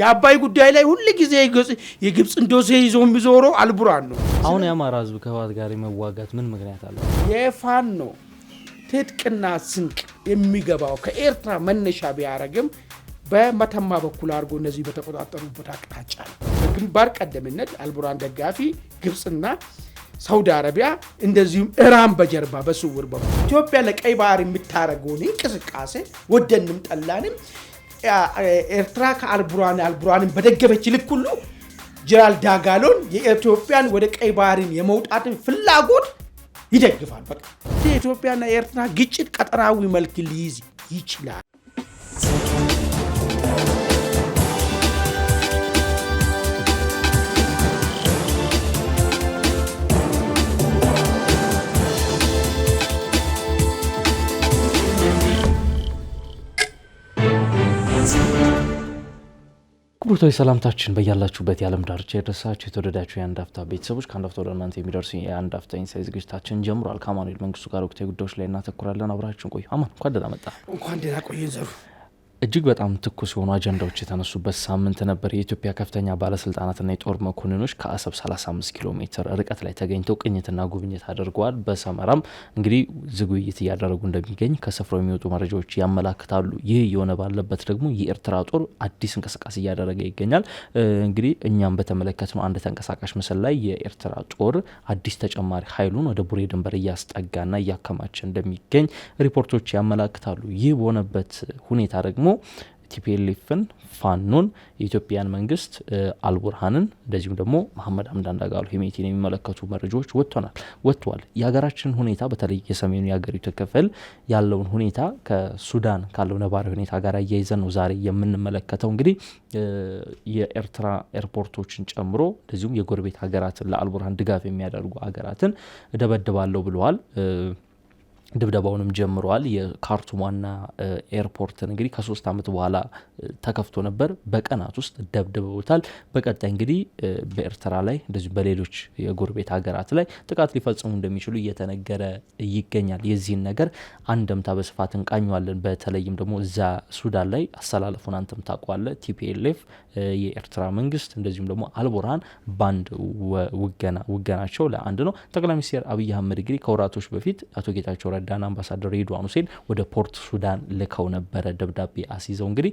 የአባይ ጉዳይ ላይ ሁል ጊዜ የግብፅን ዶሴ ይዞ የሚዞረው አልቡራን ነው። አሁን የአማራ ህዝብ ከህወሓት ጋር የመዋጋት ምን ምክንያት አለ? የፋኖ ነው ትጥቅና ስንቅ የሚገባው ከኤርትራ መነሻ ቢያደርግም በመተማ በኩል አድርጎ እነዚህ በተቆጣጠሩበት አቅጣጫ ነው። በግንባር ቀደምነት አልቡራን ደጋፊ ግብፅና ሳውዲ አረቢያ እንደዚሁም ኢራን በጀርባ በስውር በኩል ኢትዮጵያ ለቀይ ባህር የምታደርገውን እንቅስቃሴ ወደንም ጠላንም ኤርትራ ከአልቡራን አልቡራንን በደገፈች ልክ ሁሉ ጀራል ዳጋሎን የኢትዮጵያን ወደ ቀይ ባህርን የመውጣትን ፍላጎት ይደግፋል። በቃ የኢትዮጵያና የኤርትራ ግጭት ቀጠናዊ መልክ ሊይዝ ይችላል። ክቡርታዊ ሰላምታችን በያላችሁበት የዓለም ዳርቻ የደረሳችሁ የተወደዳችሁ የአንድ አፍታ ቤተሰቦች ከአንድ አፍታ ወደ እናንተ የሚደርሱ የአንድ አፍታ ኢንሳይ ዝግጅታችን ጀምሯል። ከአማኑኤል መንግስቱ ጋር ወቅታዊ ጉዳዮች ላይ እናተኩራለን። አብራችን ቆዩ። አማን እንኳን ደህና መጣ። እንኳን ደህና ቆየን ዘሩ እጅግ በጣም ትኩስ የሆኑ አጀንዳዎች የተነሱበት ሳምንት ነበር። የኢትዮጵያ ከፍተኛ ባለስልጣናትና የጦር መኮንኖች ከአሰብ 35 ኪሎ ሜትር ርቀት ላይ ተገኝተው ቅኝትና ጉብኝት አድርገዋል። በሰመራም እንግዲህ ዝግ ውይይት እያደረጉ እንደሚገኝ ከስፍራው የሚወጡ መረጃዎች ያመላክታሉ። ይህ የሆነ ባለበት ደግሞ የኤርትራ ጦር አዲስ እንቅስቃሴ እያደረገ ይገኛል። እንግዲህ እኛም በተመለከትነው አንድ ተንቀሳቃሽ ምስል ላይ የኤርትራ ጦር አዲስ ተጨማሪ ኃይሉን ወደ ቡሬ ድንበር እያስጠጋና እያከማቸ እንደሚገኝ ሪፖርቶች ያመላክታሉ። ይህ በሆነበት ሁኔታ ደግሞ ቲፒኤልኤፍን፣ ፋኖን፣ የኢትዮጵያን መንግስት፣ አልቡርሃንን እንደዚሁም ደግሞ መሐመድ ሀምዳን ዳጋሎ ሄሜቲን የሚመለከቱ መረጃዎች ወጥተናል ወጥተዋል። የሀገራችንን ሁኔታ በተለይ የሰሜኑ የሀገሪቱ ክፍል ያለውን ሁኔታ ከሱዳን ካለው ነባራዊ ሁኔታ ጋር አያይዘን ነው ዛሬ የምንመለከተው። እንግዲህ የኤርትራ ኤርፖርቶችን ጨምሮ እንደዚሁም የጎረቤት ሀገራትን ለአልቡርሃን ድጋፍ የሚያደርጉ ሀገራትን እደበድባለሁ ብለዋል። ድብደባውንም ጀምረዋል። የካርቱም ዋና ኤርፖርትን እንግዲህ ከሶስት ዓመት በኋላ ተከፍቶ ነበር። በቀናት ውስጥ ደብድበውታል። በቀጣይ እንግዲህ በኤርትራ ላይ እንደዚሁ በሌሎች የጎረቤት ሀገራት ላይ ጥቃት ሊፈጽሙ እንደሚችሉ እየተነገረ ይገኛል። የዚህን ነገር አንደምታ በስፋት እንቃኘዋለን። በተለይም ደግሞ እዛ ሱዳን ላይ አሰላለፉን አንተም ታቋለ ቲፒኤልኤፍ የኤርትራ መንግስት እንደዚሁም ደግሞ አልቡርሃን ባንድ ውገናቸው ለአንድ ነው። ጠቅላይ ሚኒስትር አብይ አህመድ እንግዲህ ከወራቶች በፊት አቶ ጌታቸው ረዳ የሱዳን አምባሳደር ሬድዋን ሁሴን ወደ ፖርት ሱዳን ልከው ነበረ ደብዳቤ አስይዘው። እንግዲህ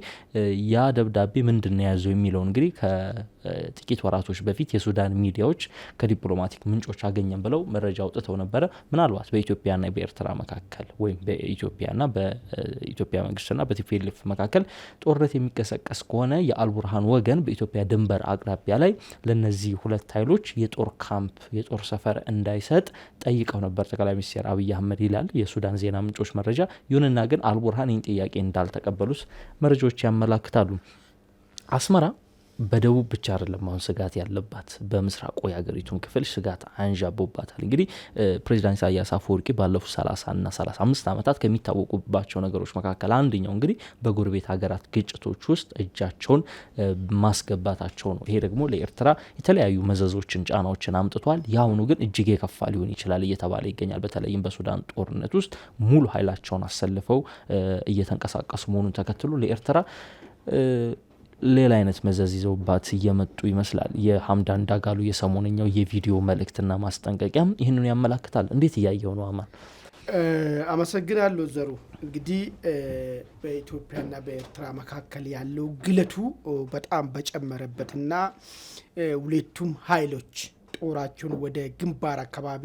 ያ ደብዳቤ ምንድን ያዘው የሚለው እንግዲህ ከጥቂት ወራቶች በፊት የሱዳን ሚዲያዎች ከዲፕሎማቲክ ምንጮች አገኘን ብለው መረጃ አውጥተው ነበረ። ምናልባት በኢትዮጵያና በኤርትራ መካከል ወይም በኢትዮጵያና በኢትዮጵያ መንግስትና በቲፒኤልኤፍ መካከል ጦርነት የሚቀሰቀስ ከሆነ የአልቡርሃን ወገን በኢትዮጵያ ድንበር አቅራቢያ ላይ ለነዚህ ሁለት ኃይሎች የጦር ካምፕ የጦር ሰፈር እንዳይሰጥ ጠይቀው ነበር ጠቅላይ ሚኒስትር አብይ አህመድ ይላል የሱዳን ዜና ምንጮች መረጃ። ይሁንና ግን አልቡርሃን ይህን ጥያቄ እንዳልተቀበሉት መረጃዎች ያመላክታሉ። አስመራ በደቡብ ብቻ አይደለም አሁን ስጋት ያለባት በምስራቁ የሀገሪቱን ክፍል ስጋት አንዣቦባታል። እንግዲህ ፕሬዚዳንት ኢሳያስ አፈወርቂ ባለፉት 30 ና 35 ዓመታት ከሚታወቁባቸው ነገሮች መካከል አንደኛው እንግዲህ በጎረቤት ሀገራት ግጭቶች ውስጥ እጃቸውን ማስገባታቸው ነው። ይሄ ደግሞ ለኤርትራ የተለያዩ መዘዞችን፣ ጫናዎችን አምጥቷል። የአሁኑ ግን እጅግ የከፋ ሊሆን ይችላል እየተባለ ይገኛል። በተለይም በሱዳን ጦርነት ውስጥ ሙሉ ኃይላቸውን አሰልፈው እየተንቀሳቀሱ መሆኑን ተከትሎ ለኤርትራ ሌላ አይነት መዘዝ ይዘውባት እየመጡ ይመስላል። የሀምዳን ዳጋሉ የሰሞነኛው የቪዲዮ መልእክትና ማስጠንቀቂያም ይህንን ያመላክታል። እንዴት እያየው ነው አማን? አመሰግናለሁ ዘሩ። እንግዲህ በኢትዮጵያና በኤርትራ መካከል ያለው ግለቱ በጣም በጨመረበትና ሁለቱም ኃይሎች ጦራቸውን ወደ ግንባር አካባቢ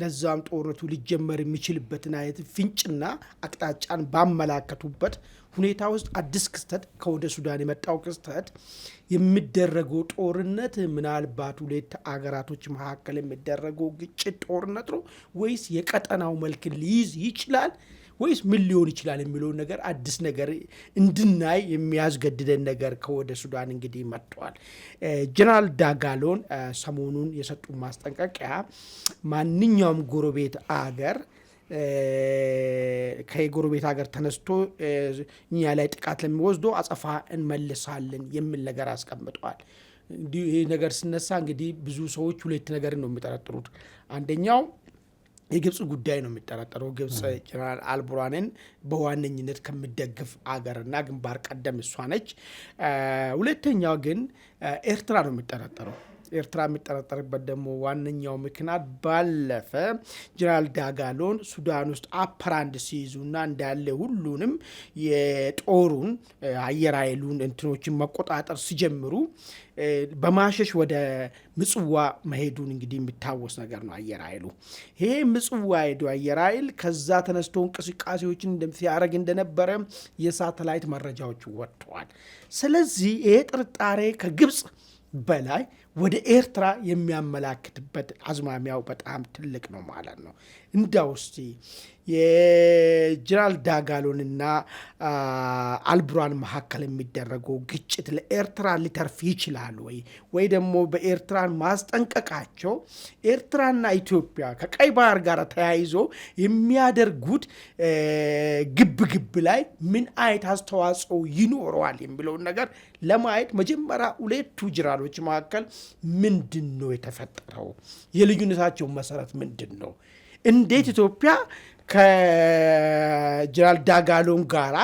ለዛም ጦርነቱ ሊጀመር የሚችልበትን አይነት ፍንጭና አቅጣጫን ባመላከቱበት ሁኔታ ውስጥ አዲስ ክስተት ከወደ ሱዳን የመጣው ክስተት የሚደረገው ጦርነት ምናልባት ሁለት አገራቶች መካከል የሚደረገው ግጭት ጦርነት ነው ወይስ የቀጠናው መልክ ሊይዝ ይችላል ወይስ ምን ሊሆን ይችላል የሚለውን ነገር አዲስ ነገር እንድናይ የሚያስገድደን ነገር ከወደ ሱዳን እንግዲህ መጥተዋል። ጀነራል ዳጋሎን ሰሞኑን የሰጡ ማስጠንቀቂያ ማንኛውም ጎረቤት አገር ከጎረቤት ሀገር ተነስቶ እኛ ላይ ጥቃት ለሚወስዶ አጸፋ እንመልሳለን የሚል ነገር አስቀምጠዋል። ይህ ነገር ሲነሳ እንግዲህ ብዙ ሰዎች ሁለት ነገር ነው የሚጠረጥሩት። አንደኛው የግብፅ ጉዳይ ነው የሚጠረጠረው። ግብፅ ጀነራል አልቡራንን በዋነኝነት ከምደግፍ አገርና ግንባር ቀደም እሷ ነች። ሁለተኛው ግን ኤርትራ ነው የሚጠረጠረው። ኤርትራ የሚጠረጠርበት ደግሞ ዋነኛው ምክንያት ባለፈ ጀነራል ዳጋሎን ሱዳን ውስጥ አፐራንድ ሲይዙና እንዳለ ሁሉንም የጦሩን አየር ኃይሉን እንትኖችን መቆጣጠር ሲጀምሩ በማሸሽ ወደ ምጽዋ መሄዱን እንግዲህ የሚታወስ ነገር ነው። አየር ኃይሉ ይሄ ምጽዋ ሄዱ አየር ኃይል ከዛ ተነስቶ እንቅስቃሴዎችን ሲያደርግ እንደነበረ የሳተላይት መረጃዎች ወጥተዋል። ስለዚህ ይሄ ጥርጣሬ ከግብፅ በላይ ወደ ኤርትራ የሚያመላክትበት አዝማሚያው በጣም ትልቅ ነው ማለት ነው። እንዳው እስቲ የጀነራል ዳጋሎንና አልብሯን መካከል የሚደረገው ግጭት ለኤርትራ ሊተርፍ ይችላል ወይ ወይ ደግሞ በኤርትራን ማስጠንቀቃቸው ኤርትራና ኢትዮጵያ ከቀይ ባህር ጋር ተያይዞ የሚያደርጉት ግብ ግብ ላይ ምን አይነት አስተዋጽኦ ይኖረዋል የሚለውን ነገር ለማየት መጀመሪያ ሁለቱ ጀነራሎች መካከል ምንድን ነው የተፈጠረው? የልዩነታቸው መሰረት ምንድን ነው? እንዴት ኢትዮጵያ ከጀነራል ዳጋሎን ጋራ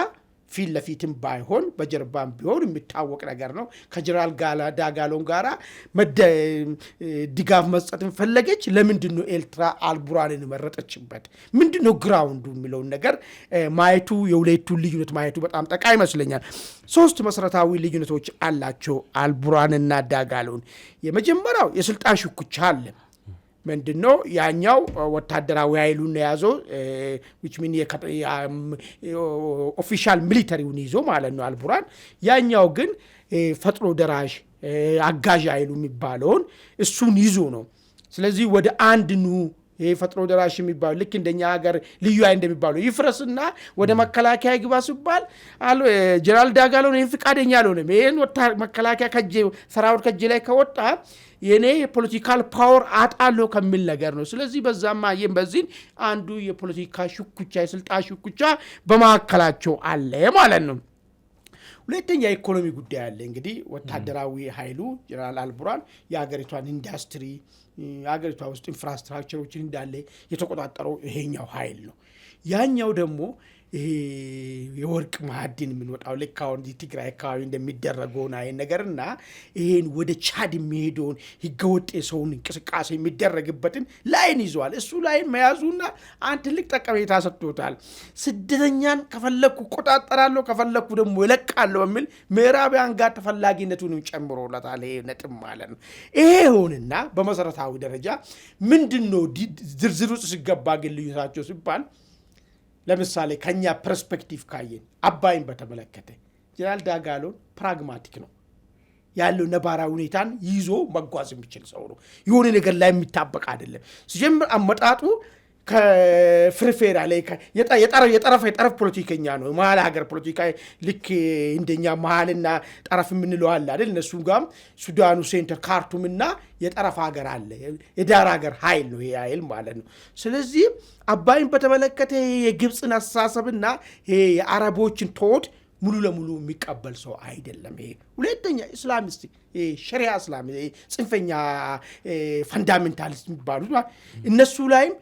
ፊት ለፊትም ባይሆን በጀርባም ቢሆን የሚታወቅ ነገር ነው። ከጀነራል ዳጋሎን ጋራ ድጋፍ መስጠትን ፈለገች። ለምንድን ነው ኤርትራ አልቡራንን መረጠችበት? ምንድን ነው ግራውንዱ የሚለውን ነገር ማየቱ የሁለቱን ልዩነት ማየቱ በጣም ጠቃ ይመስለኛል። ሶስት መሰረታዊ ልዩነቶች አላቸው አልቡራንና ዳጋሎን። የመጀመሪያው የስልጣን ሽኩቻ አለ። ምንድን ነው ያኛው ወታደራዊ ኃይሉን የያዞ ሚን ኦፊሻል ሚሊተሪውን ይዞ ማለት ነው አልቡራን። ያኛው ግን ፈጥኖ ደራሽ አጋዥ ኃይሉ የሚባለውን እሱን ይዞ ነው። ስለዚህ ወደ አንድ ኑ ይሄ ፈጥኖ ደራሽ የሚባሉ ልክ እንደኛ ሀገር ልዩ አይ እንደሚባሉ ይፍረሱና ወደ መከላከያ ይግባ ሲባል ጀነራል ዳጋሎን ይህን ፍቃደኛ አልሆነም። ይህን ወታ መከላከያ ሰራዊት ከጄ ላይ ከወጣ የኔ የፖለቲካል ፓወር አጣለሁ ከሚል ነገር ነው። ስለዚህ በዛማ ይህም በዚህ አንዱ የፖለቲካ ሽኩቻ፣ የስልጣን ሽኩቻ በመካከላቸው አለ ማለት ነው። ሁለተኛ የኢኮኖሚ ጉዳይ አለ። እንግዲህ ወታደራዊ ኃይሉ ጀነራል አልቡራን የሀገሪቷን ኢንዱስትሪ ሀገሪቷ ውስጥ ኢንፍራስትራክቸሮችን እንዳለ የተቆጣጠረው ይሄኛው ኃይል ነው። ያኛው ደግሞ ይሄ የወርቅ ማዕድን የምንወጣው ልክ አሁን ትግራይ አካባቢ እንደሚደረገውን አይን ነገር እና ይሄን ወደ ቻድ የሚሄደውን ህገወጥ የሰውን እንቅስቃሴ የሚደረግበትን ላይን ይዘዋል። እሱ ላይን መያዙና አንድ ትልቅ ጠቀሜታ ሰጥቶታል። ስደተኛን ከፈለግኩ እቆጣጠራለሁ፣ ከፈለግኩ ደግሞ ይለቃለሁ በሚል ምዕራቢያን ጋር ተፈላጊነቱንም ጨምሮለታል። ይሄ ነጥብ ማለት ነው። ይሄ ሆንና በመሰረታዊ ደረጃ ምንድን ነው ዝርዝር ውስጥ ሲገባ ግን ልዩነታቸው ሲባል ለምሳሌ ከኛ ፐርስፔክቲቭ ካየን አባይን በተመለከተ ጀነራል ዳጋሎን ፕራግማቲክ ነው ያለው ነባራዊ ሁኔታን ይዞ መጓዝ የሚችል ሰው ነው። የሆነ ነገር ላይ የሚታበቅ አይደለም። ሲጀምር አመጣጡ ከፍርፌራ ላይ የጠረፈ የጠረፍ ፖለቲከኛ ነው። መሀል ሀገር ፖለቲካ ልክ እንደኛ መሀልና ጠረፍ የምንለው አለ አይደል? እነሱ ጋም ሱዳኑ ሴንተር ካርቱም ካርቱምና የጠረፍ ሀገር አለ። የዳር ሀገር ሀይል ነው ይሄ ኃይል ማለት ነው። ስለዚህ አባይን በተመለከተ የግብፅን አስተሳሰብና የአረቦችን ተወድ ሙሉ ለሙሉ የሚቀበል ሰው አይደለም። ይሄ ሁለተኛ ኢስላሚስት ሸሪያ እስላም ጽንፈኛ ፈንዳሜንታሊስት የሚባሉት እነሱ ላይም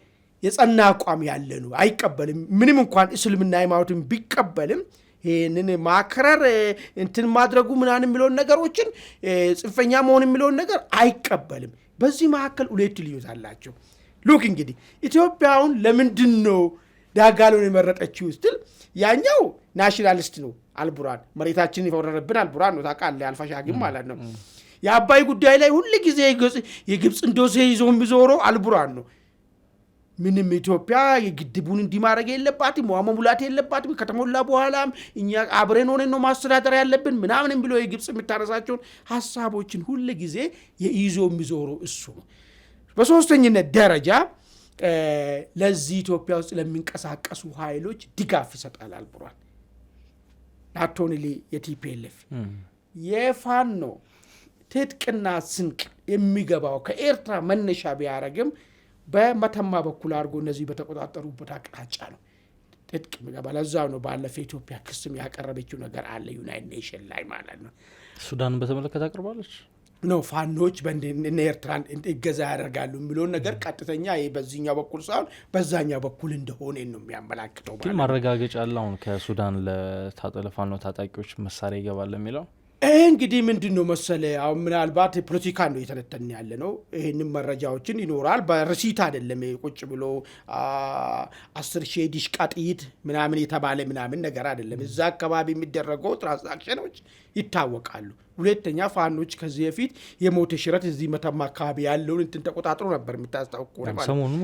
የጸና አቋም ያለ ነው። አይቀበልም። ምንም እንኳን እስልምና ሃይማኖትን ቢቀበልም ይህንን ማክረር እንትን ማድረጉ ምናን የሚለውን ነገሮችን ጽንፈኛ መሆን የሚለውን ነገር አይቀበልም። በዚህ መካከል ሁለት ልዩነት አላቸው። ሉክ እንግዲህ ኢትዮጵያውን ለምንድን ነው ዳጋሎን የመረጠችው ስትል ያኛው ናሽናሊስት ነው አልቡራን መሬታችንን የፈረረብን አልቡራን ነው ታውቃለህ፣ አልፋሻግም ማለት ነው። የአባይ ጉዳይ ላይ ሁል ጊዜ የግብፅን ዶሴ ይዞ የሚዞረው አልቡራን ነው። ምንም ኢትዮጵያ የግድቡን እንዲማድረግ የለባትም ውሃ መሙላት የለባትም። ከተሞላ በኋላም እኛ አብረን ሆነን ነው ማስተዳደር ያለብን ምናምንም ብሎ የግብፅ የምታነሳቸውን ሀሳቦችን ሁል ጊዜ የይዞ የሚዞሩ እሱ ነው። በሶስተኝነት ደረጃ ለዚህ ኢትዮጵያ ውስጥ ለሚንቀሳቀሱ ኃይሎች ድጋፍ ይሰጣል አልብሯል። ናቶንሊ የቲፒኤልኤፍ የፋኖ ትጥቅና ስንቅ የሚገባው ከኤርትራ መነሻ ቢያደረግም በመተማ በኩል አድርጎ እነዚህ በተቆጣጠሩበት አቅጣጫ ነው ጥጥቅ የሚገባ ለዛው ነው ባለፈ ኢትዮጵያ ክስም ያቀረበችው ነገር አለ ዩናይት ኔሽን ላይ ማለት ነው። ሱዳን በተመለከተ አቅርባለች ነው ፋኖች ኤርትራን እገዛ ያደርጋሉ የሚለውን ነገር ቀጥተኛ በዚኛው በኩል ሳይሆን በዛኛው በኩል እንደሆነ ነው የሚያመላክተው። ግን ማረጋገጫ አለ አሁን ከሱዳን ለፋኖ ታጣቂዎች መሳሪያ ይገባል የሚለው ይህ እንግዲህ ምንድን ነው መሰለ አሁን ምናልባት ፖለቲካ ነው የተነተን ያለ ነው። ይህንም መረጃዎችን ይኖራል። በርሲት አይደለም ቁጭ ብሎ አስር ሺህ ዲሽቃ ጥይት ምናምን የተባለ ምናምን ነገር አይደለም። እዛ አካባቢ የሚደረገው ትራንዛክሽኖች ይታወቃሉ። ሁለተኛ ፋኖች ከዚህ በፊት የሞት ሽረት እዚህ መተማ አካባቢ ያለውን እንትን ተቆጣጥሮ ነበር የሚታስታውቁ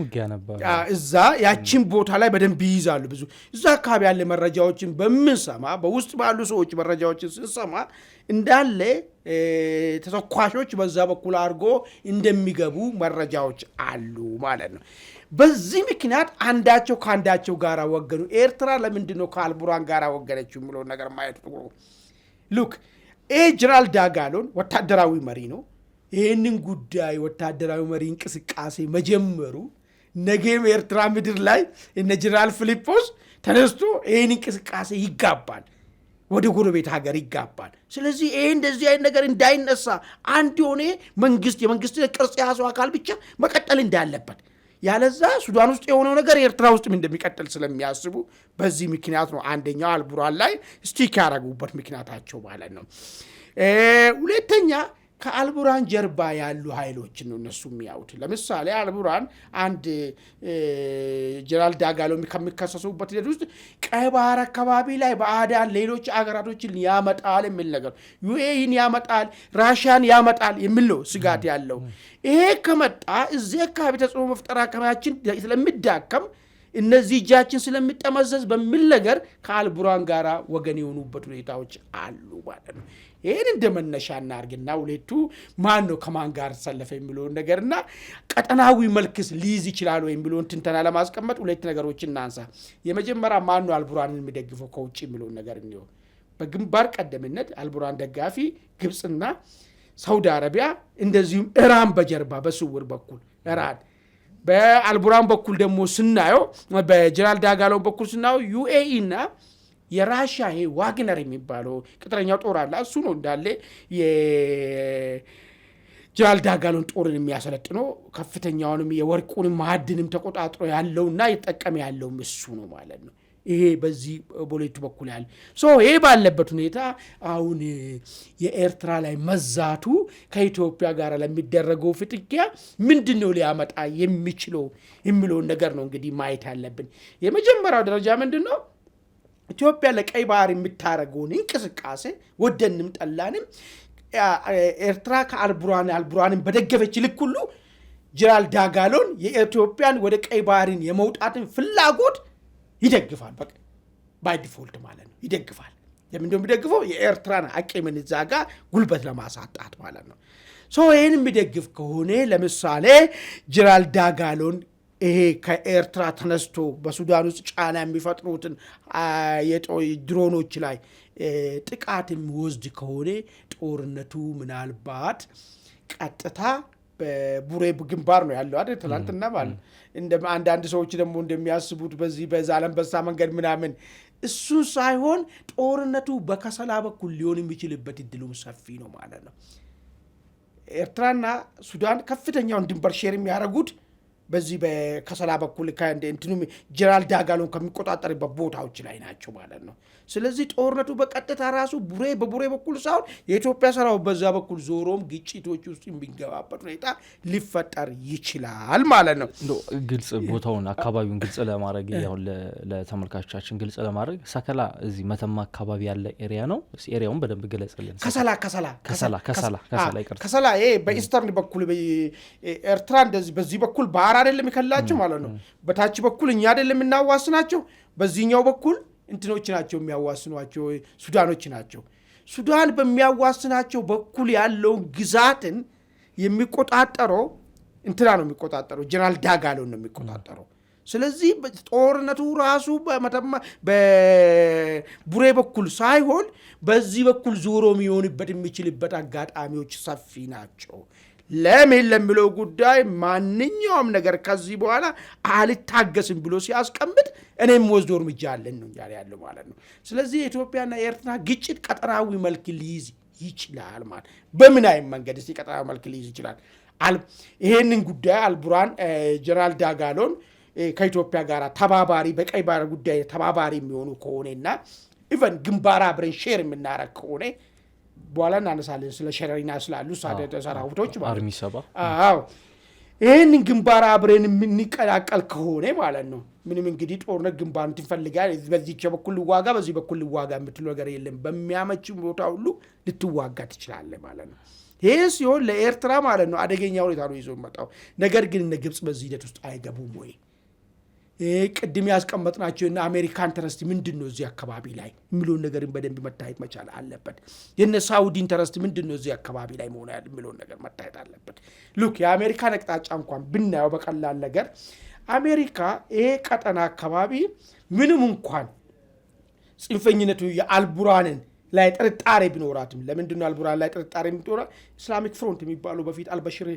ውጊያ ነበር። እዛ ያችን ቦታ ላይ በደንብ ይይዛሉ። ብዙ እዛ አካባቢ ያለ መረጃዎችን በምንሰማ በውስጥ ባሉ ሰዎች መረጃዎችን ስንሰማ እንዳለ ተተኳሾች በዛ በኩል አድርጎ እንደሚገቡ መረጃዎች አሉ ማለት ነው። በዚህ ምክንያት አንዳቸው ከአንዳቸው ጋር ወገኑ። ኤርትራ ለምንድነው ከአልቡራን ጋር ወገነችው የሚለውን ነገር ማየት ሉክ ይሄ ጄራልድ ዳጋሎን ወታደራዊ መሪ ነው። ይህንን ጉዳይ ወታደራዊ መሪ እንቅስቃሴ መጀመሩ ነገም ኤርትራ ምድር ላይ እነ ጀነራል ፊሊጶስ ተነስቶ ይህን እንቅስቃሴ ይጋባል፣ ወደ ጎረቤት ሀገር ይጋባል። ስለዚህ ይህ እንደዚህ አይነት ነገር እንዳይነሳ አንድ የሆነ መንግስት የመንግስት ቅርጽ የያዘው አካል ብቻ መቀጠል እንዳለበት ያለዛ ሱዳን ውስጥ የሆነው ነገር ኤርትራ ውስጥም እንደሚቀጥል ስለሚያስቡ በዚህ ምክንያት ነው አንደኛው አልቡራን ላይ ስቲክ ያደረጉበት ምክንያታቸው ማለት ነው። ሁለተኛ ከአልቡራን ጀርባ ያሉ ኃይሎች ነው እነሱ የሚያዩት። ለምሳሌ አልቡራን አንድ ጀነራል ዳጋሎ ከሚከሰሱበት ሂደት ውስጥ ቀይ ባህር አካባቢ ላይ በአዳን ሌሎች አገራቶችን ያመጣል የሚል ነገር ዩኤኢን ያመጣል፣ ራሽያን ያመጣል የሚል ነው ስጋት ያለው። ይሄ ከመጣ እዚህ አካባቢ ተጽዕኖ መፍጠር አካባቢያችን ስለሚዳከም እነዚህ እጃችን ስለሚጠመዘዝ በሚል ነገር ከአልቡራን ጋር ወገን የሆኑበት ሁኔታዎች አሉ ማለት ነው። ይህን እንደ መነሻ እናርግና ሁለቱ ማን ነው ከማን ጋር ተሰለፈ የሚለውን ነገርና ቀጠናዊ መልክስ ሊይዝ ይችላል ወይ የሚለውን ትንተና ለማስቀመጥ ሁለት ነገሮች እናንሳ። የመጀመሪያ ማን ነው አልቡራንን የሚደግፈው ከውጭ የሚለውን ነገር እንዲሆን በግንባር ቀደምነት አልቡራን ደጋፊ ግብፅና ሳውዲ አረቢያ እንደዚሁም ኢራን በጀርባ በስውር በኩል ኢራን በአልቡራን በኩል ደግሞ ስናየው በጀነራል ዳጋሎን በኩል ስናየው ዩኤኢ እና የራሻ ይሄ ዋግነር የሚባለው ቅጥረኛው ጦር አለ። እሱ ነው እንዳለ ጀነራል ዳጋሎን ጦርን የሚያሰለጥነው ከፍተኛውንም የወርቁንም ማዕድንም ተቆጣጥሮ ያለውና እየተጠቀመ ያለውም እሱ ነው ማለት ነው። ይሄ በዚህ ቦሌቱ በኩል ያለ ይሄ ባለበት ሁኔታ አሁን የኤርትራ ላይ መዛቱ ከኢትዮጵያ ጋር ለሚደረገው ፍጥጊያ ምንድን ነው ሊያመጣ የሚችለው የሚለውን ነገር ነው እንግዲህ ማየት ያለብን። የመጀመሪያው ደረጃ ምንድን ነው? ኢትዮጵያ ለቀይ ባህር የምታደርገውን እንቅስቃሴ ወደንም ጠላንም ኤርትራ ከአልቡራን አልቡራንን በደገፈች ልክ ሁሉ ጀነራል ዳጋሎን የኢትዮጵያን ወደ ቀይ ባህርን የመውጣትን ፍላጎት ይደግፋል። በቃ ባይ ዲፎልት ማለት ነው ይደግፋል። ለምን የሚደግፈው የኤርትራን አቅምን እዛ ጋ ጉልበት ለማሳጣት ማለት ነው። ሶ ይህን የሚደግፍ ከሆነ ለምሳሌ ጀነራል ዳጋሎን ይሄ ከኤርትራ ተነስቶ በሱዳን ውስጥ ጫና የሚፈጥሩትን ድሮኖች ላይ ጥቃት የሚወስድ ከሆነ ጦርነቱ ምናልባት ቀጥታ በቡሬ ግንባር ነው ያለው አይደል? ትላንትና ማለት እንደ አንዳንድ ሰዎች ደግሞ እንደሚያስቡት በዚህ በዛላምበሳ መንገድ ምናምን እሱ ሳይሆን ጦርነቱ በከሰላ በኩል ሊሆን የሚችልበት እድሉም ሰፊ ነው ማለት ነው። ኤርትራና ሱዳን ከፍተኛውን ድንበር ሼር የሚያደርጉት በዚህ ከሰላ በኩል እንትኑ ጀራል ዳጋሎን ከሚቆጣጠርበት ቦታዎች ላይ ናቸው ማለት ነው። ስለዚህ ጦርነቱ በቀጥታ ራሱ ቡሬ በቡሬ በኩል ሳይሆን የኢትዮጵያ ሰራው በዛ በኩል ዞሮም ግጭቶች ውስጥ የሚገባበት ሁኔታ ሊፈጠር ይችላል ማለት ነው። ግልጽ ቦታውን አካባቢውን ግልጽ ለማድረግ ሁን ለተመልካቾቻችን ግልጽ ለማድረግ ሰከላ እዚህ መተማ አካባቢ ያለ ኤሪያ ነው። ኤሪያውን በደንብ ገለጽልን። ከሰላ ከሰላ ከሰላ ከሰላ ከሰላ ከሰላ በኢስተርን በኩል ኤርትራ እንደዚህ በዚህ በኩል በአ አማራ አይደለም የከላቸው ማለት ነው። በታች በኩል እኛ አይደለም የምናዋስናቸው፣ በዚህኛው በኩል እንትኖች ናቸው የሚያዋስኗቸው፣ ሱዳኖች ናቸው። ሱዳን በሚያዋስናቸው በኩል ያለውን ግዛትን የሚቆጣጠረው እንትና ነው የሚቆጣጠረው፣ ጀነራል ዳጋሎን ነው የሚቆጣጠረው። ስለዚህ ጦርነቱ ራሱ በቡሬ በኩል ሳይሆን በዚህ በኩል ዞሮ የሚሆንበት የሚችልበት አጋጣሚዎች ሰፊ ናቸው። ለምን ለሚለው ጉዳይ ማንኛውም ነገር ከዚህ በኋላ አልታገስም ብሎ ሲያስቀምጥ እኔም ወስዶ እርምጃ አለን ነው እያለ ያለው ማለት ነው። ስለዚህ የኢትዮጵያና የኤርትራ ግጭት ቀጠናዊ መልክ ሊይዝ ይችላል ማለት በምን አይነት መንገድ እስቲ ቀጠናዊ መልክ ሊይዝ ይችላል? ይሄንን ጉዳይ አልቡራን ጀራል ዳጋሎን ከኢትዮጵያ ጋር ተባባሪ በቀይ ባህር ጉዳይ ተባባሪ የሚሆኑ ከሆነና ኢቨን ግንባር አብረን ሼር የምናረግ ከሆነ በኋላ እናነሳለን ስለ ሸረሪና ስላሉ ሰራዊቶች አርሚ ሰባ አዎ ይህን ግንባር አብረን የምንቀላቀል ከሆነ ማለት ነው። ምንም እንግዲህ ጦርነት ግንባር ትፈልጋል። በዚህ በኩል ልዋጋ፣ በዚህ በኩል ልዋጋ የምትለው ነገር የለም። በሚያመች ቦታ ሁሉ ልትዋጋ ትችላለ ማለት ነው። ይህ ሲሆን ለኤርትራ ማለት ነው አደገኛ ሁኔታ ነው ይዞ መጣው። ነገር ግን እነ ግብፅ በዚህ ሂደት ውስጥ አይገቡም ወይ? ቅድም ያስቀመጥናቸው ና አሜሪካን ኢንተረስት ምንድን ነው እዚህ አካባቢ ላይ የሚለውን ነገርን በደንብ መታየት መቻል አለበት። የነ ሳውዲ ኢንተረስት ምንድን ነው እዚህ አካባቢ ላይ መሆን የሚለውን ነገር መታየት አለበት። ሉክ የአሜሪካን አቅጣጫ እንኳን ብናየው በቀላል ነገር አሜሪካ ይሄ ቀጠና አካባቢ ምንም እንኳን ጽንፈኝነቱ የአልቡራንን ላይ ጥርጣሬ ቢኖራትም ለምንድን ነው አልቡራን ላይ ጥርጣሬ ቢኖራ ኢስላሚክ ፍሮንት የሚባሉ በፊት አልበሽር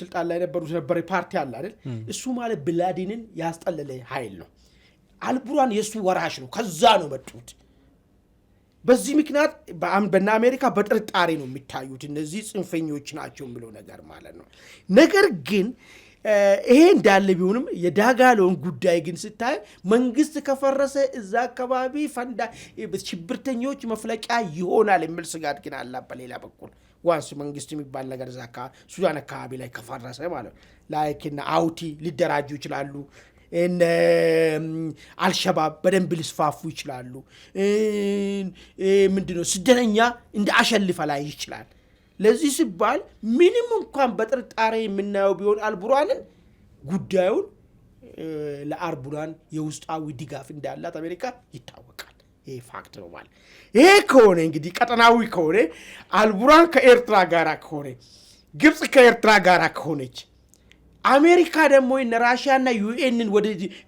ስልጣን ላይ ነበሩ ነበረ ፓርቲ አለ አይደል? እሱ ማለት ብላዲንን ያስጠለለ ሀይል ነው። አልቡራን የእሱ ወራሽ ነው። ከዛ ነው መጡት። በዚህ ምክንያት በና አሜሪካ በጥርጣሬ ነው የሚታዩት እነዚህ ጽንፈኞች ናቸው የሚለው ነገር ማለት ነው። ነገር ግን ይሄ እንዳለ ቢሆንም የዳጋሎን ጉዳይ ግን ስታይ መንግስት ከፈረሰ እዛ አካባቢ ፈንዳ ሽብርተኞች መፍለቂያ ይሆናል የሚል ስጋት ግን አላ። በሌላ በኩል ዋንስ መንግስት የሚባል ነገር እዛ ሱዳን አካባቢ ላይ ከፈረሰ ማለት ላይክ እነ አውቲ ሊደራጁ ይችላሉ። አልሸባብ በደንብ ሊስፋፉ ይችላሉ። ምንድነው ስደተኛ እንደ አሸልፈ ላይ ይችላል ለዚህ ሲባል ምንም እንኳን በጥርጣሬ የምናየው ቢሆን አልቡራንን ጉዳዩን ለአልቡራን የውስጣዊ ድጋፍ እንዳላት አሜሪካ ይታወቃል። ይህ ፋክት ነው ማለት ይሄ ከሆነ እንግዲህ ቀጠናዊ ከሆነ አልቡራን ከኤርትራ ጋር ከሆነ ግብፅ ከኤርትራ ጋር ከሆነች አሜሪካ ደግሞ ራሽያና ዩኤንን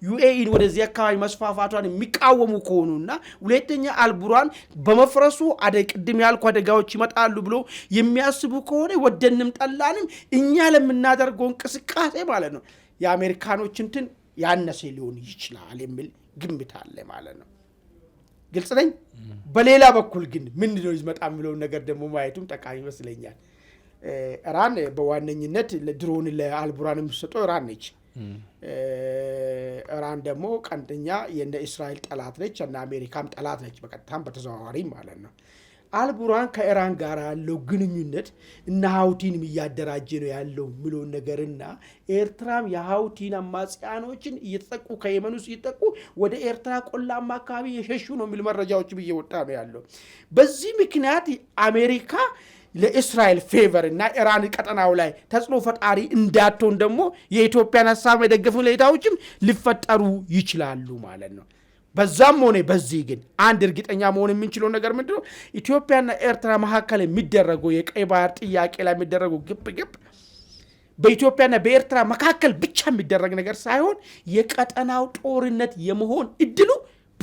ዩኤኢን ወደዚህ አካባቢ መስፋፋቷን የሚቃወሙ ከሆኑና ሁለተኛ አልቡራን በመፍረሱ አደ ቅድም ያልኩ አደጋዎች ይመጣሉ ብሎ የሚያስቡ ከሆነ ወደንም ጠላንም እኛ ለምናደርገው እንቅስቃሴ ማለት ነው የአሜሪካኖች እንትን ያነሰ ሊሆን ይችላል የሚል ግምት አለ ማለት ነው። ግልጽ ነኝ። በሌላ በኩል ግን ምንድነው ይመጣ የሚለውን ነገር ደግሞ ማየቱም ጠቃሚ ይመስለኛል። ኢራን በዋነኝነት ድሮን ለአልቡራን የምትሰጠው ኢራን ነች። ኢራን ደግሞ ቀንደኛ የነ እስራኤል ጠላት ነች እና አሜሪካም ጠላት ነች፣ በቀጥታም በተዘዋዋሪ ማለት ነው። አልቡራን ከኢራን ጋር ያለው ግንኙነት እና ሀውቲንም እያደራጀ ነው ያለው የሚለውን ነገርና ኤርትራም የሀውቲን አማጽያኖችን እየተጠቁ ከየመን ውስጥ እየተጠቁ ወደ ኤርትራ ቆላማ አካባቢ የሸሹ ነው የሚል መረጃዎችም እየወጣ ነው ያለው። በዚህ ምክንያት አሜሪካ ለእስራኤል ፌቨር እና ኢራን ቀጠናው ላይ ተጽዕኖ ፈጣሪ እንዳትሆን ደግሞ የኢትዮጵያን ሀሳብ የደገፉ ሁኔታዎችም ሊፈጠሩ ይችላሉ ማለት ነው። በዛም ሆነ በዚህ ግን አንድ እርግጠኛ መሆን የምንችለው ነገር ምንድን ነው? ኢትዮጵያና ኤርትራ መካከል የሚደረገው የቀይ ባህር ጥያቄ ላይ የሚደረገው ግብ ግብ በኢትዮጵያና በኤርትራ መካከል ብቻ የሚደረግ ነገር ሳይሆን የቀጠናው ጦርነት የመሆን እድሉ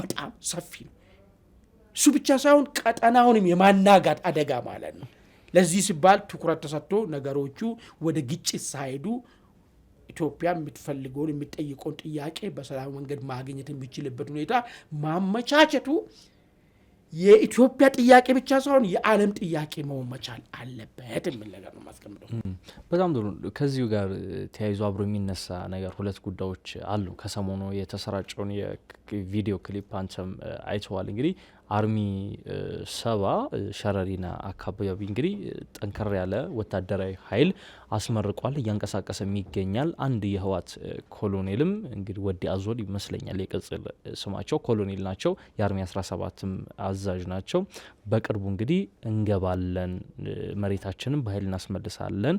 በጣም ሰፊ ነው። እሱ ብቻ ሳይሆን ቀጠናውንም የማናጋት አደጋ ማለት ነው። ለዚህ ሲባል ትኩረት ተሰጥቶ ነገሮቹ ወደ ግጭት ሳይሄዱ ኢትዮጵያ የምትፈልገውን የሚጠይቀውን ጥያቄ በሰላም መንገድ ማግኘት የሚችልበት ሁኔታ ማመቻቸቱ የኢትዮጵያ ጥያቄ ብቻ ሳይሆን የዓለም ጥያቄ መሆን መቻል አለበት የሚል ነገር ነው የማስቀምጠው። በጣም ጥሩ። ከዚሁ ጋር ተያይዞ አብሮ የሚነሳ ነገር ሁለት ጉዳዮች አሉ። ከሰሞኑ የተሰራጨውን የቪዲዮ ክሊፕ አንተም አይተዋል። እንግዲህ አርሚ ሰባ ሸረሪና አካባቢ እንግዲህ ጠንከር ያለ ወታደራዊ ኃይል አስመርቋል፣ እያንቀሳቀሰም ይገኛል። አንድ የህዋት ኮሎኔልም እንግዲህ ወዲ አዞል ይመስለኛል የቅጽል ስማቸው ኮሎኔል ናቸው። የአርሚ 17ም አዛዥ ናቸው። በቅርቡ እንግዲህ እንገባለን፣ መሬታችንን በኃይል እናስመልሳለን፣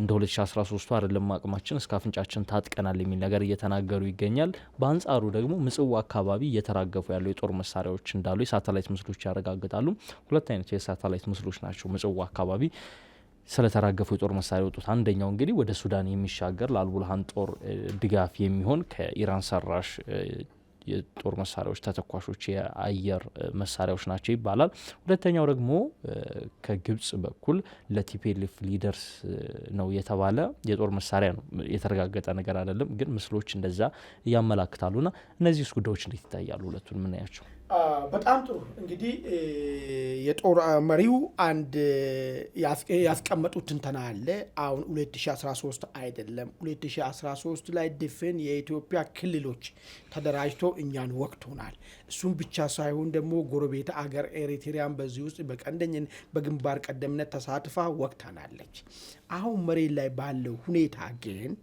እንደ 2013 አይደለም አቅማችን እስከ አፍንጫችን ታጥቀናል የሚል ነገር እየተናገሩ ይገኛል። በአንጻሩ ደግሞ ምጽዋ አካባቢ እየተራገፉ ያሉ የጦር መሳሪያዎች እንዳሉ የሳተላይት ምስሎች ያረጋግጣሉ። ሁለት አይነት የሳተላይት ምስሎች ናቸው ምጽዋ አካባቢ ስለተራገፉ የጦር መሳሪያ ወጡት። አንደኛው እንግዲህ ወደ ሱዳን የሚሻገር ለአልቡልሃን ጦር ድጋፍ የሚሆን ከኢራን ሰራሽ የጦር መሳሪያዎች ተተኳሾች፣ የአየር መሳሪያዎች ናቸው ይባላል። ሁለተኛው ደግሞ ከግብጽ በኩል ለቲፔልፍ ሊደርስ ነው የተባለ የጦር መሳሪያ ነው። የተረጋገጠ ነገር አይደለም፣ ግን ምስሎች እንደዛ ያመላክታሉና እነዚህ ጉዳዮች እንዴት ይታያሉ? ሁለቱን ምናያቸው በጣም ጥሩ እንግዲህ የጦር መሪው አንድ ያስቀመጡት ትንተና አለ። አሁን 2013 አይደለም 2013 ላይ ድፍን የኢትዮጵያ ክልሎች ተደራጅቶ እኛን ወቅቶናል። እሱም ብቻ ሳይሆን ደግሞ ጎረቤት አገር ኤሪትሪያን በዚህ ውስጥ በቀንደኝን በግንባር ቀደምነት ተሳትፋ ወቅታናለች። አሁን መሬት ላይ ባለው ሁኔታ ግን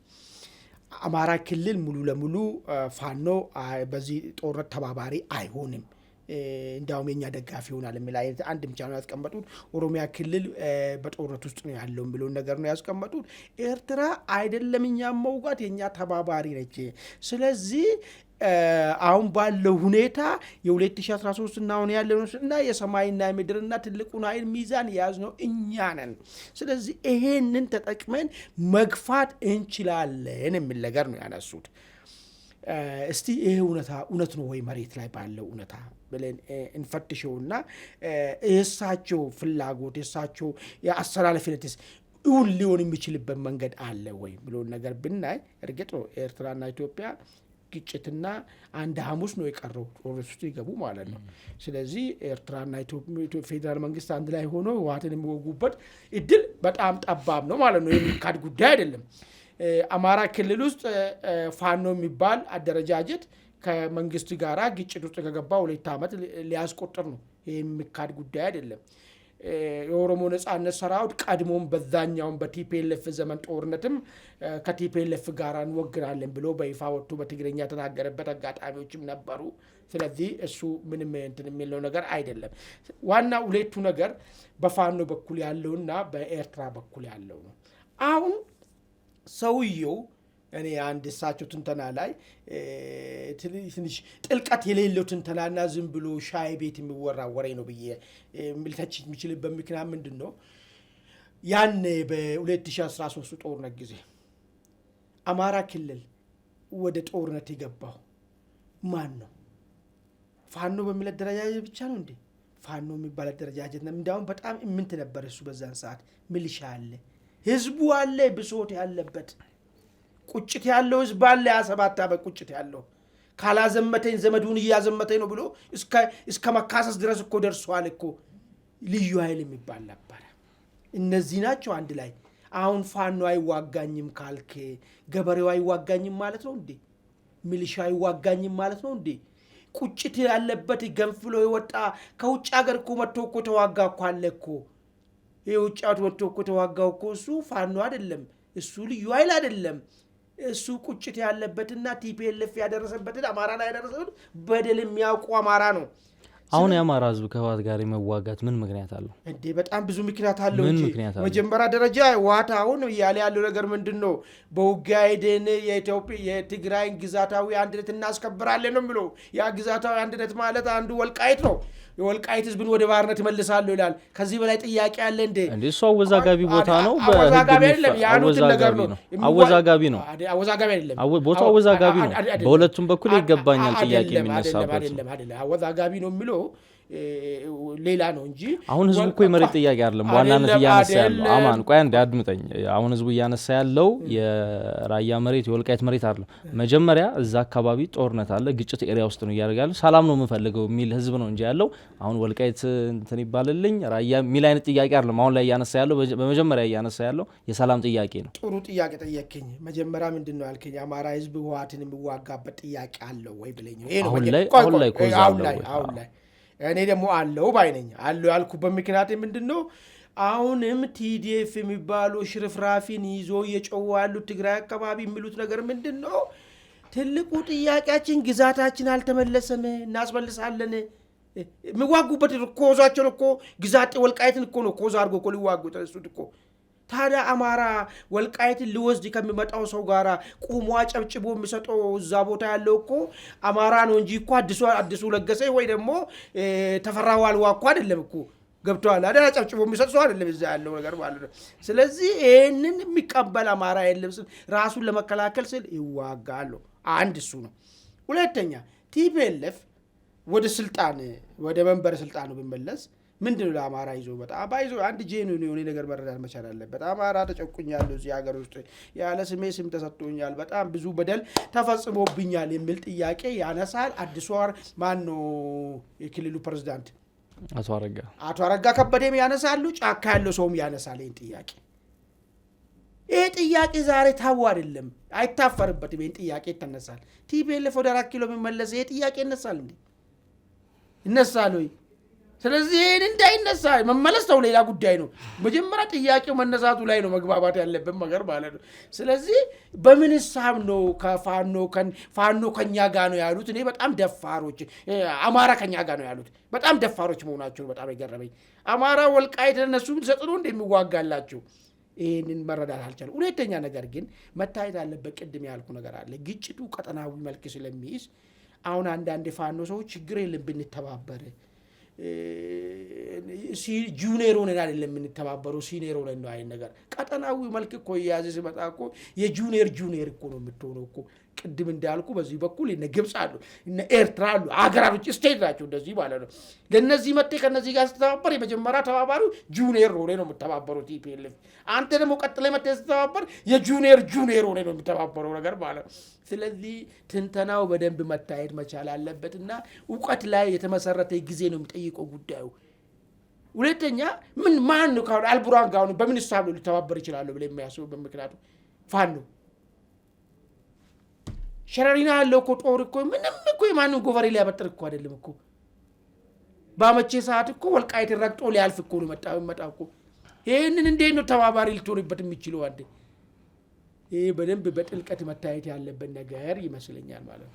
አማራ ክልል ሙሉ ለሙሉ ፋኖ በዚህ ጦርነት ተባባሪ አይሆንም። እንዲያውም የኛ ደጋፊ ይሆናል የሚል አይነት አንድ ብቻ ነው ያስቀመጡት። ኦሮሚያ ክልል በጦርነት ውስጥ ነው ያለው የሚለውን ነገር ነው ያስቀመጡት። ኤርትራ አይደለም እኛም መውጋት የእኛ ተባባሪ ነች። ስለዚህ አሁን ባለው ሁኔታ የ2013 እና አሁን ያለ እና የሰማይና የምድርና ትልቁን ኃይል ሚዛን የያዝነው እኛ ነን። ስለዚህ ይሄንን ተጠቅመን መግፋት እንችላለን የሚል ነገር ነው ያነሱት። እስቲ ይሄ እውነታ እውነት ነው ወይ መሬት ላይ ባለው እውነታ ብለን እንፈትሸውና የእሳቸው ፍላጎት የእሳቸው የአሰላለፊነትስ እውን ሊሆን የሚችልበት መንገድ አለ ወይ ብሎን ነገር ብናይ እርግጥ ነው ኤርትራና ኢትዮጵያ ግጭትና አንድ ሐሙስ ነው የቀረው ጦርነት ውስጥ ይገቡ ማለት ነው። ስለዚህ ኤርትራና ፌዴራል መንግስት አንድ ላይ ሆኖ ህወሓትን የሚወጉበት እድል በጣም ጠባብ ነው ማለት ነው። የሚካድ ጉዳይ አይደለም። አማራ ክልል ውስጥ ፋኖ የሚባል አደረጃጀት ከመንግስት ጋር ግጭት ውስጥ ከገባ ሁለት ዓመት ሊያስቆጥር ነው። ይህ የሚካድ ጉዳይ አይደለም። የኦሮሞ ነጻነት ሰራዊት ቀድሞም በዛኛውም በቲፒኤልኤፍ ዘመን ጦርነትም ከቲፒኤልኤፍ ጋር እንወግራለን ብሎ በይፋ ወጥቶ በትግርኛ ተናገረበት አጋጣሚዎችም ነበሩ። ስለዚህ እሱ ምንም እንትን የሚለው ነገር አይደለም። ዋና ሁለቱ ነገር በፋኖ በኩል ያለውና በኤርትራ በኩል ያለው ነው። አሁን ሰውየው እኔ አንድ እሳቸው ትንተና ላይ ትንሽ ጥልቀት የሌለው ትንተናና ዝም ብሎ ሻይ ቤት የሚወራ ወሬ ነው ብዬ ምልተች የሚችልበት ምክንያት ምንድን ነው? ያን በ2013 ጦርነት ጊዜ አማራ ክልል ወደ ጦርነት የገባው ማን ነው? ፋኖ በሚል አደረጃጀት ብቻ ነው እንዴ? ፋኖ የሚባል አደረጃጀት ነው። እንዲያውም በጣም ምንት ነበር እሱ በዛን ሰዓት ሚሊሻ አለ፣ ህዝቡ አለ፣ ብሶት ያለበት ቁጭት ያለው ህዝብ አለ። ያ ሰባት ዓመት ቁጭት ያለው ካላዘመተኝ ዘመዱን እያዘመተኝ ነው ብሎ እስከ መካሰስ ድረስ እኮ ደርሷል እኮ። ልዩ ኃይል የሚባል ነበረ። እነዚህ ናቸው አንድ ላይ አሁን ፋኖ አይዋጋኝም ካልክ ገበሬው አይዋጋኝም ማለት ነው እንዴ? ሚሊሻ አይዋጋኝም ማለት ነው እንዴ? ቁጭት ያለበት ገንፍሎ የወጣ ከውጭ ሀገር እኮ መጥቶ እኮ ተዋጋ እኮ አለ እኮ። የውጭ መጥቶ እኮ ተዋጋው እኮ እሱ ፋኖ አይደለም፣ እሱ ልዩ ኃይል አይደለም። እሱ ቁጭት ያለበትና ቲፒኤልኤፍ ያደረሰበትን አማራ ላይ ያደረሰበት በደል የሚያውቁ አማራ ነው። አሁን የአማራ ህዝብ ከህወሓት ጋር የመዋጋት ምን ምክንያት አለው እንዴ? በጣም ብዙ ምክንያት አለው እንጂ መጀመሪያ ደረጃ ህወሓት አሁን እያለ ያለው ነገር ምንድን ነው? በውጊያ ሄደን የትግራይን ግዛታዊ አንድነት እናስከብራለን ነው የሚለው። ያ ግዛታዊ አንድነት ማለት አንዱ ወልቃይት ነው። የወልቃይት ህዝብን ወደ ባርነት ይመልሳሉ ይላል። ከዚህ በላይ ጥያቄ አለ እንዴ? እንዴ እሱ አወዛጋቢ ቦታ ነው። አወዛጋቢ ነው። አወዛጋቢ ነው። አወዛጋቢ አይደለም ቦታው አወዛጋቢ ነው። በሁለቱም በኩል ይገባኛል ጥያቄ የሚነሳበት አወዛጋቢ ነው የሚለው ሌላ ነው እንጂ አሁን ህዝቡ እኮ የመሬት ጥያቄ አይደለም በዋናነት እያነሳ ያለው። አማን ቆይ አንዴ አድምጠኝ። አሁን ህዝቡ እያነሳ ያለው የራያ መሬት የወልቃይት መሬት አለ መጀመሪያ እዛ አካባቢ ጦርነት አለ፣ ግጭት ኤሪያ ውስጥ ነው ያለ ሰላም ነው የምፈልገው የሚል ህዝብ ነው እንጂ ያለው አሁን ወልቃይት እንትን ይባልልኝ ራያ የሚል አይነት ጥያቄ አይደለም። አሁን ላይ እያነሳ ያለው በመጀመሪያ እያነሳ ያለው የሰላም ጥያቄ ነው። ጥሩ ጥያቄ ጠየቅኝ። መጀመሪያ ምንድን ነው ያልከኝ? አማራ ህዝብ ህወሓትን የሚዋጋበት ጥያቄ አለው ወይ ብለኝ። አሁን ላይ አሁን ላይ እኔ ደግሞ አለው ባይነኝ አለው ያልኩበት ምክንያት ምንድን ነው? አሁንም ቲዲኤፍ የሚባሉ ሽርፍራፊን ይዞ እየጨዋ ያሉት ትግራይ አካባቢ የሚሉት ነገር ምንድን ነው? ትልቁ ጥያቄያችን ግዛታችን አልተመለሰም፣ እናስመልሳለን። የሚዋጉበት ኮዛቸውን እኮ ግዛት ወልቃይትን እኮ ነው ኮዛ አድርጎ እኮ ሊዋጉ ተነሱት እኮ ታዲያ አማራ ወልቃይትን ሊወስድ ከሚመጣው ሰው ጋር ቁሟ ጨብጭቦ የሚሰጠው እዛ ቦታ ያለው እኮ አማራ ነው እንጂ እኮ አዲሱ ለገሰ ወይ ደግሞ ተፈራ ዋልዋ እኮ አይደለም እኮ ገብተዋል አደራ ጨብጭቦ የሚሰጥ ሰው አይደለም እዛ ያለው ነገር ማለት ነው። ስለዚህ ይህንን የሚቀበል አማራ የለም ስል ራሱን ለመከላከል ስል ይዋጋሉ። አንድ እሱ ነው። ሁለተኛ ቲፒኤልኤፍ ወደ ስልጣን ወደ መንበረ ስልጣኑ ብመለስ ምንድን ነው አማራ ይዞ በጣም አባይዞ አንድ ጄኑን የሆነ ነገር መረዳት መቻል አለበት። አማራ ተጨቁኛል፣ እዚህ ሀገር ውስጥ ያለ ስሜ ስም ተሰጥቶኛል፣ በጣም ብዙ በደል ተፈጽሞብኛል የሚል ጥያቄ ያነሳል። አዲሱ ወር ማን ነው የክልሉ ፕሬዚዳንት አቶ አረጋ አቶ አረጋ ከበደም ያነሳሉ። ጫካ ያለው ሰውም ያነሳል ይህን ጥያቄ። ይህ ጥያቄ ዛሬ ታው አይደለም፣ አይታፈርበትም። ይህን ጥያቄ ይተነሳል። ቲፒኤልኤፍ ወደ አራት ኪሎ የሚመለስ ይህ ጥያቄ ይነሳል እንዴ? ይነሳል ወይ? ስለዚህ ይህን እንዳይነሳ መመለስ ተው ሌላ ጉዳይ ነው። መጀመሪያ ጥያቄው መነሳቱ ላይ ነው መግባባት ያለብን ነገር ማለት ነው። ስለዚህ በምን ሳብ ነው ከፋኖ ፋኖ ከኛ ጋር ነው ያሉት? እኔ በጣም ደፋሮች አማራ ከኛ ጋ ነው ያሉት በጣም ደፋሮች መሆናቸው በጣም የገረመኝ አማራ ወልቃይት ለነሱ ሰጥኖ እንደሚዋጋላቸው ይህንን መረዳት አልቻለም። ሁለተኛ ነገር ግን መታየት አለበት ቅድም ያልኩ ነገር አለ ግጭቱ ቀጠናዊ መልክ ስለሚይዝ አሁን አንዳንድ ፋኖ ሰዎች ችግር የለም ብንተባበር ጁኒየር ሆነን አይደለም የምንተባበረው ሲኒየር ሆነን ነው አይን ነገር በፈተናዊ መልክ እኮ የያዘ ሲመጣ እኮ የጁኒየር ጁኒየር እኮ ነው የምትሆነው እኮ። ቅድም እንዳልኩ በዚህ በኩል እነ ግብፅ አሉ፣ እነ ኤርትራ አሉ፣ ሀገራቶች ስቴት ናቸው እንደዚህ ማለት ነው። ለእነዚህ መጤ ከነዚህ ጋር ስተባበር የመጀመሪያ ተባባሪው ጁኒየር ሆነ ነው የምተባበሩት ኢፒኤልኤፍ። አንተ ደግሞ ቀጥለ መጤ ስተባበር የጁኒየር ጁኒየር ሆነ ነው የሚተባበረው ነገር ማለት ነው። ስለዚህ ትንተናው በደንብ መታየት መቻል አለበት እና እውቀት ላይ የተመሰረተ ጊዜ ነው የሚጠይቀው ጉዳዩ። ሁለተኛ ምን ማን ነው ካሁን አልቡራን ጋር በምን ሳብ ነው ሊተባበር ይችላሉ ብለ የሚያስቡ ምክንያቱ ፋኖ ሸረሪና ያለው እኮ ጦር እኮ ምንም እኮ የማንም ጎቨሬ ሊያበጥር እኮ አይደለም እኮ በመቼ ሰዓት እኮ ወልቃይት ረግጦ ሊያልፍ እኮ ነው መጣ እኮ ይህንን እንዴት ነው ተባባሪ ልትሆንበት የሚችለው አንዴ ይህ በደንብ በጥልቀት መታየት ያለበት ነገር ይመስለኛል ማለት ነው።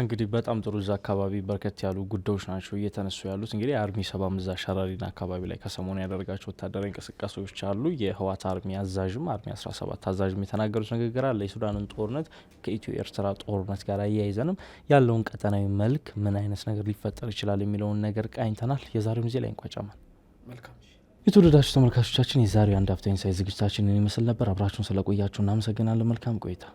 እንግዲህ በጣም ጥሩ እዛ አካባቢ በርከት ያሉ ጉዳዮች ናቸው እየተነሱ ያሉት። እንግዲህ አርሚ ሰባ አምስት ሸራሪን አካባቢ ላይ ከሰሞኑ ያደረጋቸው ወታደራዊ እንቅስቃሴዎች አሉ። የህዋት አርሚ አዛዥም አርሚ 17 አዛዥም የተናገሩት ንግግር አለ። የሱዳንን ጦርነት ከኢትዮ ኤርትራ ጦርነት ጋር አያይዘንም ያለውን ቀጠናዊ መልክ ምን አይነት ነገር ሊፈጠር ይችላል የሚለውን ነገር ቃኝተናል። የዛሬውን ጊዜ ላይ እንቋጫማል። መልካም የተወደዳችሁ ተመልካቾቻችን የዛሬው አንድ አፍታ ኢንሳይት ዝግጅታችንን ይመስል ነበር። አብራችሁን ስለቆያችሁ እናመሰግናለን። መልካም ቆይታ